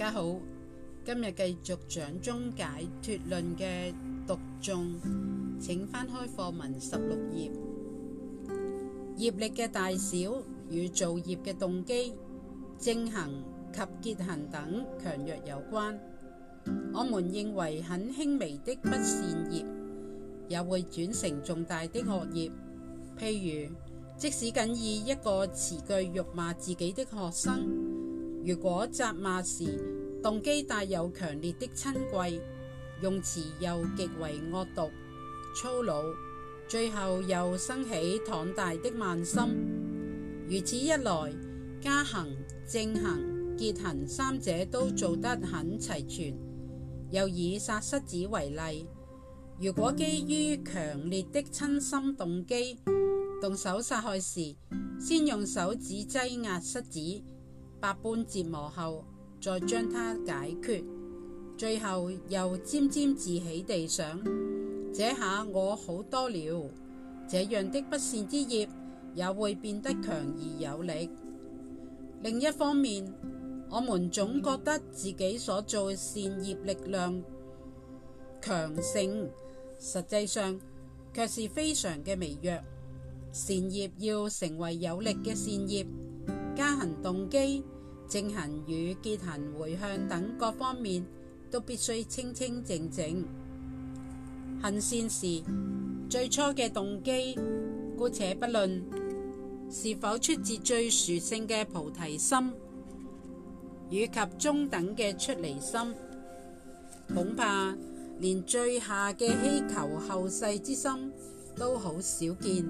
大家好，今日繼續《掌中解脫論》嘅讀誦，請翻開課文十六頁。業力嘅大小與造業嘅動機、正行及結行等強弱有關。我們認為很輕微的不善業，也會轉成重大的惡業。譬如，即使僅以一個詞句辱罵自己的學生。如果責罵時動機帶有強烈的瞋恚，用詞又極為惡毒、粗魯，最後又生起躺大的慢心，如此一來，加行、正行、結行三者都做得很齊全。又以殺虱子為例，如果基於強烈的瞋心動機，動手殺害時，先用手指擠壓虱子。百般折磨後再將它解決，最後又沾沾自喜地想：這下我好多了。這樣的不善之業也會變得強而有力。另一方面，我們總覺得自己所做善業力量強盛，實際上卻是非常嘅微弱。善業要成為有力嘅善業。加行動機、正行與結行回向等各方面，都必須清清淨淨。行善時，最初嘅動機姑且不論，是否出自最殊勝嘅菩提心，以及中等嘅出離心，恐怕連最下嘅希求後世之心都好少見。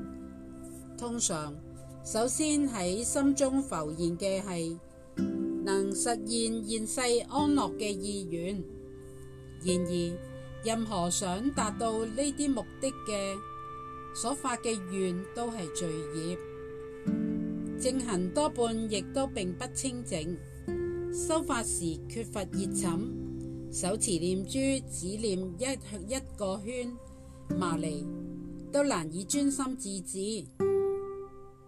通常，首先喺心中浮現嘅係能實現現世安樂嘅意願，然而任何想達到呢啲目的嘅所發嘅願都係罪孽。正行多半亦都並不清淨，修法時缺乏熱忱，手持念珠只念一一個圈，麻利都難以專心致志。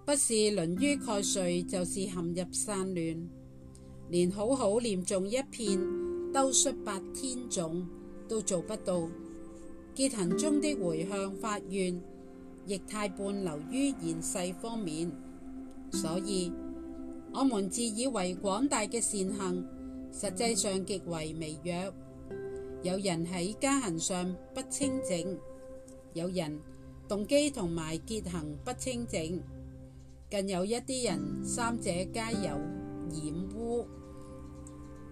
不是淪於蓋睡，就是陷入散亂，連好好念誦一遍兜率百天種都做不到。結行中的回向發願亦太半流於現世方面，所以我們自以為廣大嘅善行，實際上極為微弱。有人喺加行上不清淨，有人動機同埋結行不清淨。更有一啲人三者皆有染污，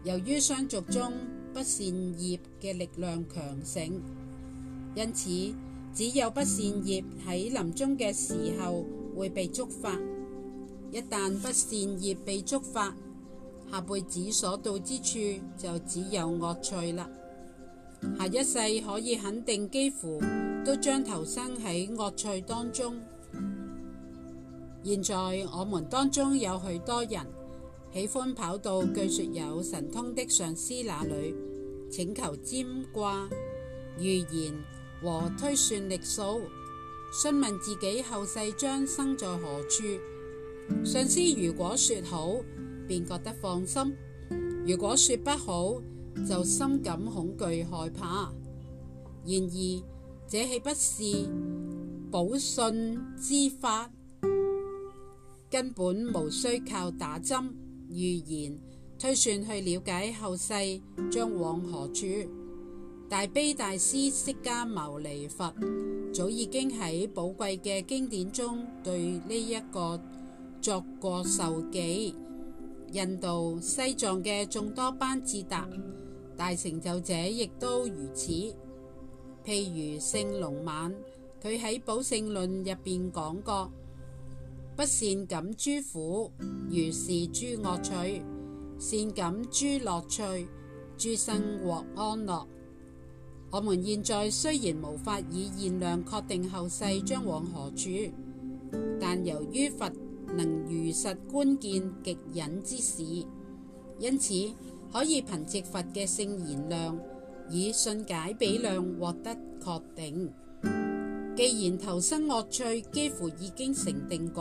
由於相續中不善業嘅力量強盛，因此只有不善業喺臨終嘅時候會被觸發。一旦不善業被觸發，下輩子所到之處就只有惡趣啦。下一世可以肯定幾乎都將投生喺惡趣當中。現在我們當中有許多人喜歡跑到據說有神通的上司那裏，請求占卦、預言和推算力數，詢問自己後世將生在何處。上司如果說好，便覺得放心；如果說不好，就深感恐懼害怕。然而，這豈不是保信之法？根本無需靠打針預言推算去了解後世將往何處。大悲大師釋迦牟尼佛早已經喺寶貴嘅經典中對呢一個作過授記。印度西藏嘅眾多班智達大成就者亦都如此。譬如聖龍猛，佢喺《寶性論》入邊講過。不善感諸苦，如是諸惡趣；善感諸樂趣，諸生獲安樂。我們現在雖然無法以現量確定後世將往何處，但由於佛能如實觀見極隱之事，因此可以憑借佛嘅聖現量以信解比量獲得確定。既然投生惡趣幾乎已經成定局。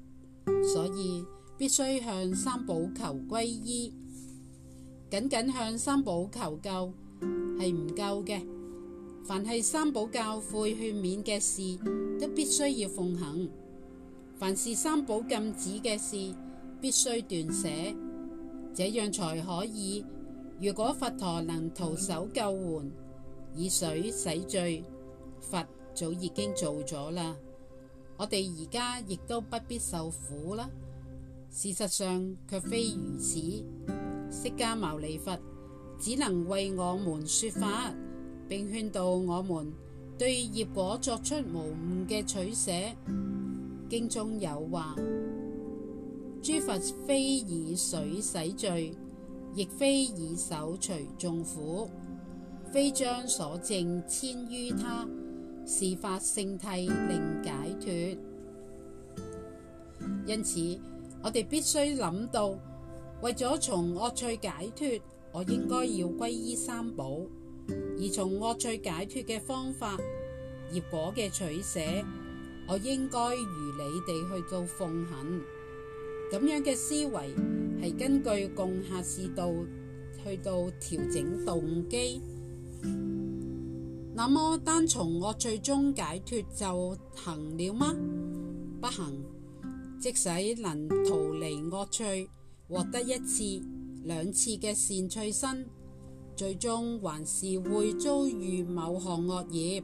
所以必須向三寶求皈依，僅僅向三寶求救係唔夠嘅。凡係三寶教誨勸勉嘅事，都必須要奉行，凡是三寶禁止嘅事，必須斷捨。這樣才可以。如果佛陀能徒手救援，以水洗罪，佛早已經做咗啦。我哋而家亦都不必受苦啦。事實上卻非如此。釋迦牟尼佛只能為我們説法，並勸導我們對業果作出無誤嘅取捨。經中有話：「諸佛非以水洗罪，亦非以手除眾苦，非將所證遷於他。」事法性體令解脫，因此我哋必須諗到，為咗從惡趣解脫，我應該要皈依三寶；而從惡趣解脫嘅方法，業果嘅取捨，我應該如理地去做奉行。咁樣嘅思維係根據共下士道去到調整動機。那麼單從惡趣中解脫就行了嗎？不行，即使能逃離惡趣，獲得一次、兩次嘅善趣身，最終還是會遭遇某項惡業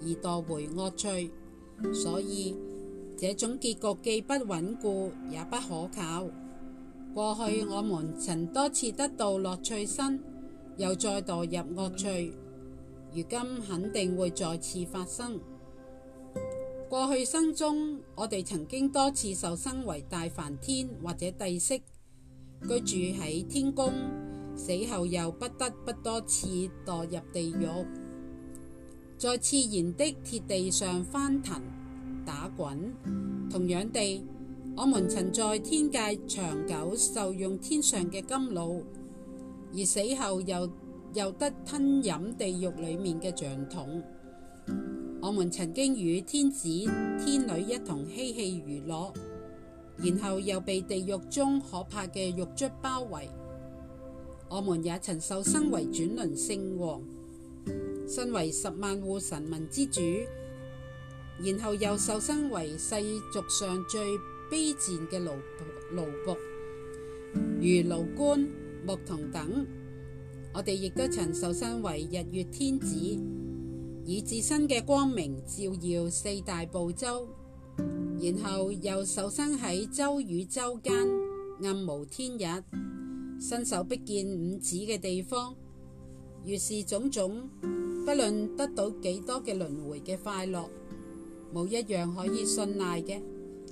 而墮回惡趣。所以，這種結局既不穩固，也不可靠。過去我們曾多次得到樂趣身，又再墮入惡趣。如今肯定會再次發生。過去生中，我哋曾經多次受生為大梵天或者帝釋，居住喺天宮，死後又不得不多次墮入地獄，在熾燃的鐵地上翻騰打滾。同樣地，我們曾在天界長久受用天上嘅甘露，而死後又，又得吞飲地獄裏面嘅漿桶，我們曾經與天子天女一同嬉戲娛樂，然後又被地獄中可怕嘅獄卒包圍。我們也曾受身為轉輪聖王，身為十萬戶臣民之主，然後又受身為世俗上最卑賤嘅奴奴僕，如奴官、牧童等。我哋亦都曾受身為日月天子，以自身嘅光明照耀四大部洲，然後又受生喺洲與洲間暗無天日、伸手不見五指嘅地方，如是種種，不論得到幾多嘅輪迴嘅快樂，冇一樣可以信賴嘅，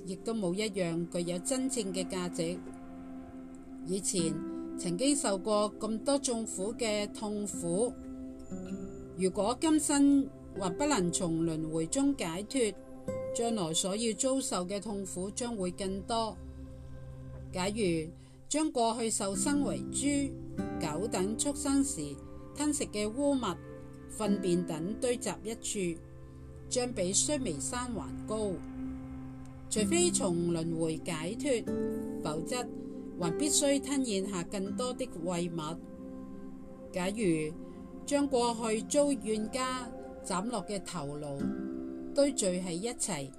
亦都冇一樣具有真正嘅價值。以前。曾經受過咁多重苦嘅痛苦，如果今生還不能從輪迴中解脫，將來所要遭受嘅痛苦將會更多。假如將過去受生為豬、狗等畜生時吞食嘅污物、糞便等堆集一處，將比須彌山還高，除非從輪迴解脫，否則。還必須吞咽下更多的穢物。假如將過去遭怨家斬落嘅頭顱堆聚喺一齊，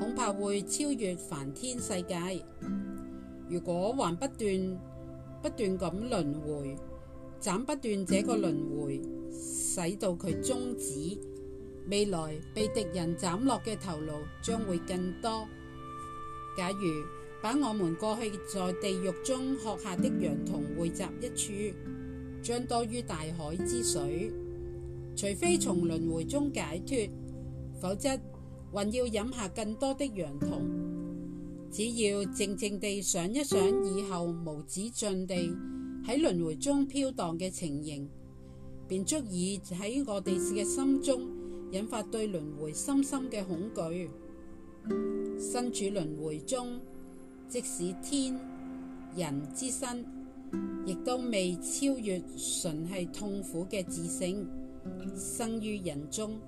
恐怕會超越梵天世界。如果還不斷不斷咁輪迴，斬不斷這個輪迴，使到佢終止，未來被敵人斬落嘅頭顱將會更多。假如，把我們過去在地獄中飲下的羊童匯集一處，將多於大海之水。除非從輪迴中解脫，否則還要飲下更多的羊童。只要靜靜地想一想以後無止盡地喺輪迴中飄蕩嘅情形，便足以喺我哋嘅心中引發對輪迴深深嘅恐懼。身處輪迴中。即使天人之身，亦都未超越純係痛苦嘅自性。生於人中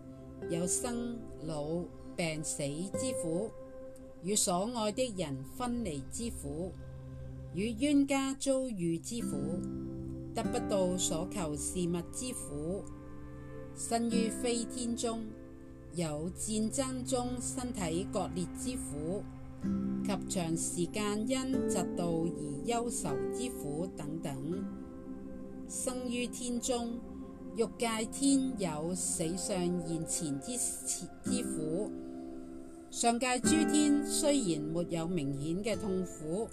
有生老病死之苦，與所愛的人分離之苦，與冤家遭遇之苦，得不到所求事物之苦。生於非天中有戰爭中身體割裂之苦。及長時間因嫉妒而憂愁之苦等等，生於天中欲界天有死相現前之之苦；上界諸天雖然沒有明顯嘅痛苦，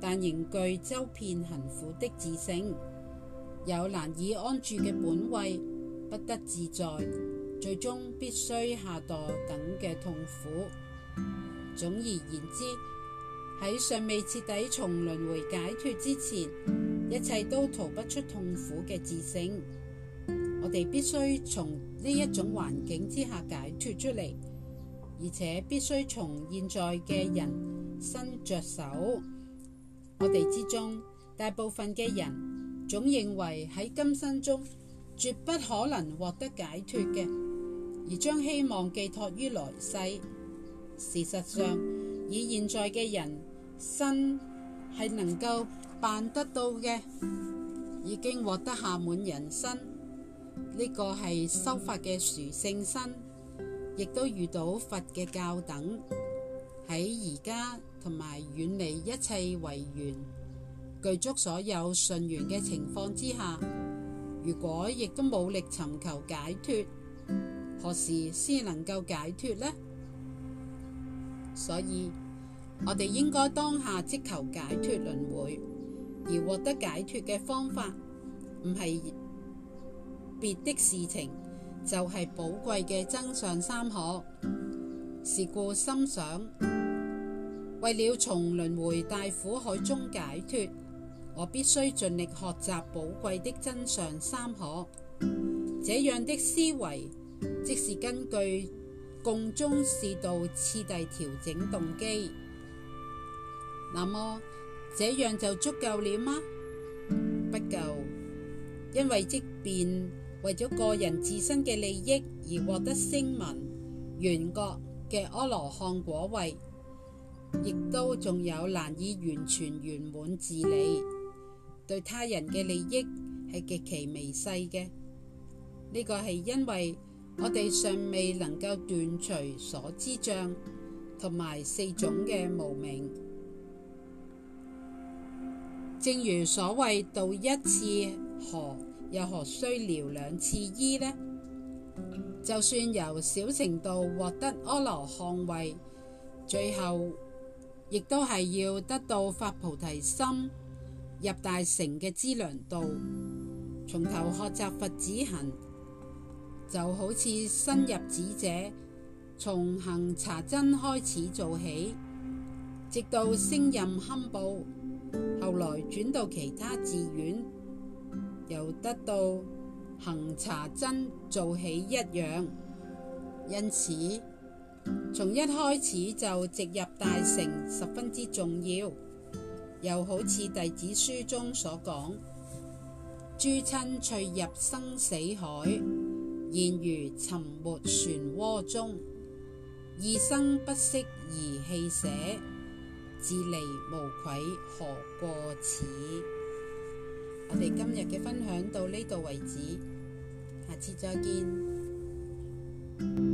但仍具周遍行苦的自性，有難以安住嘅本位，不得自在，最終必須下墮等嘅痛苦。總而言之，喺尚未徹底從輪回解脱之前，一切都逃不出痛苦嘅自性。我哋必須從呢一種環境之下解脱出嚟，而且必須從現在嘅人身着手。我哋之中大部分嘅人總認為喺今生中絕不可能獲得解脱嘅，而將希望寄託於來世。事實上，以現在嘅人身係能夠辦得到嘅，已經獲得暇滿人身，呢、這個係修法嘅殊勝身，亦都遇到佛嘅教等喺而家同埋遠離一切違緣，具足所有順緣嘅情況之下，如果亦都冇力尋求解脱，何時先能夠解脱呢？所以我哋應該當下即求解脫輪迴，而獲得解脫嘅方法唔係別的事情，就係、是、寶貴嘅真相三可。是故心想，為了從輪迴大苦海中解脫，我必須盡力學習寶貴的真相三可。這樣的思維，即是根據。共中士道次第調整動機，那麼這樣就足夠了嗎？不夠，因為即便為咗個人自身嘅利益而獲得聲聞、緣覺嘅阿羅漢果位，亦都仲有難以完全圓滿自利。對他人嘅利益係極其微細嘅。呢個係因為。我哋尚未能夠斷除所知障同埋四種嘅無明。正如所謂渡一次河，又何須撩兩次衣呢？就算由小程度獲得阿羅漢位，最後亦都係要得到發菩提心入大乘嘅資糧道，從頭學習佛子行。就好似新入寺者，從行查真開始做起，直到升任堪布，後來轉到其他寺院，又得到行查真做起一樣。因此，從一開始就直入大乘十分之重要。又好似弟子書中所講：諸親趣入生死海。現如沉沒漩渦中，一生不息而棄捨，自離無愧何過此？ 我哋今日嘅分享到呢度為止，下次再見。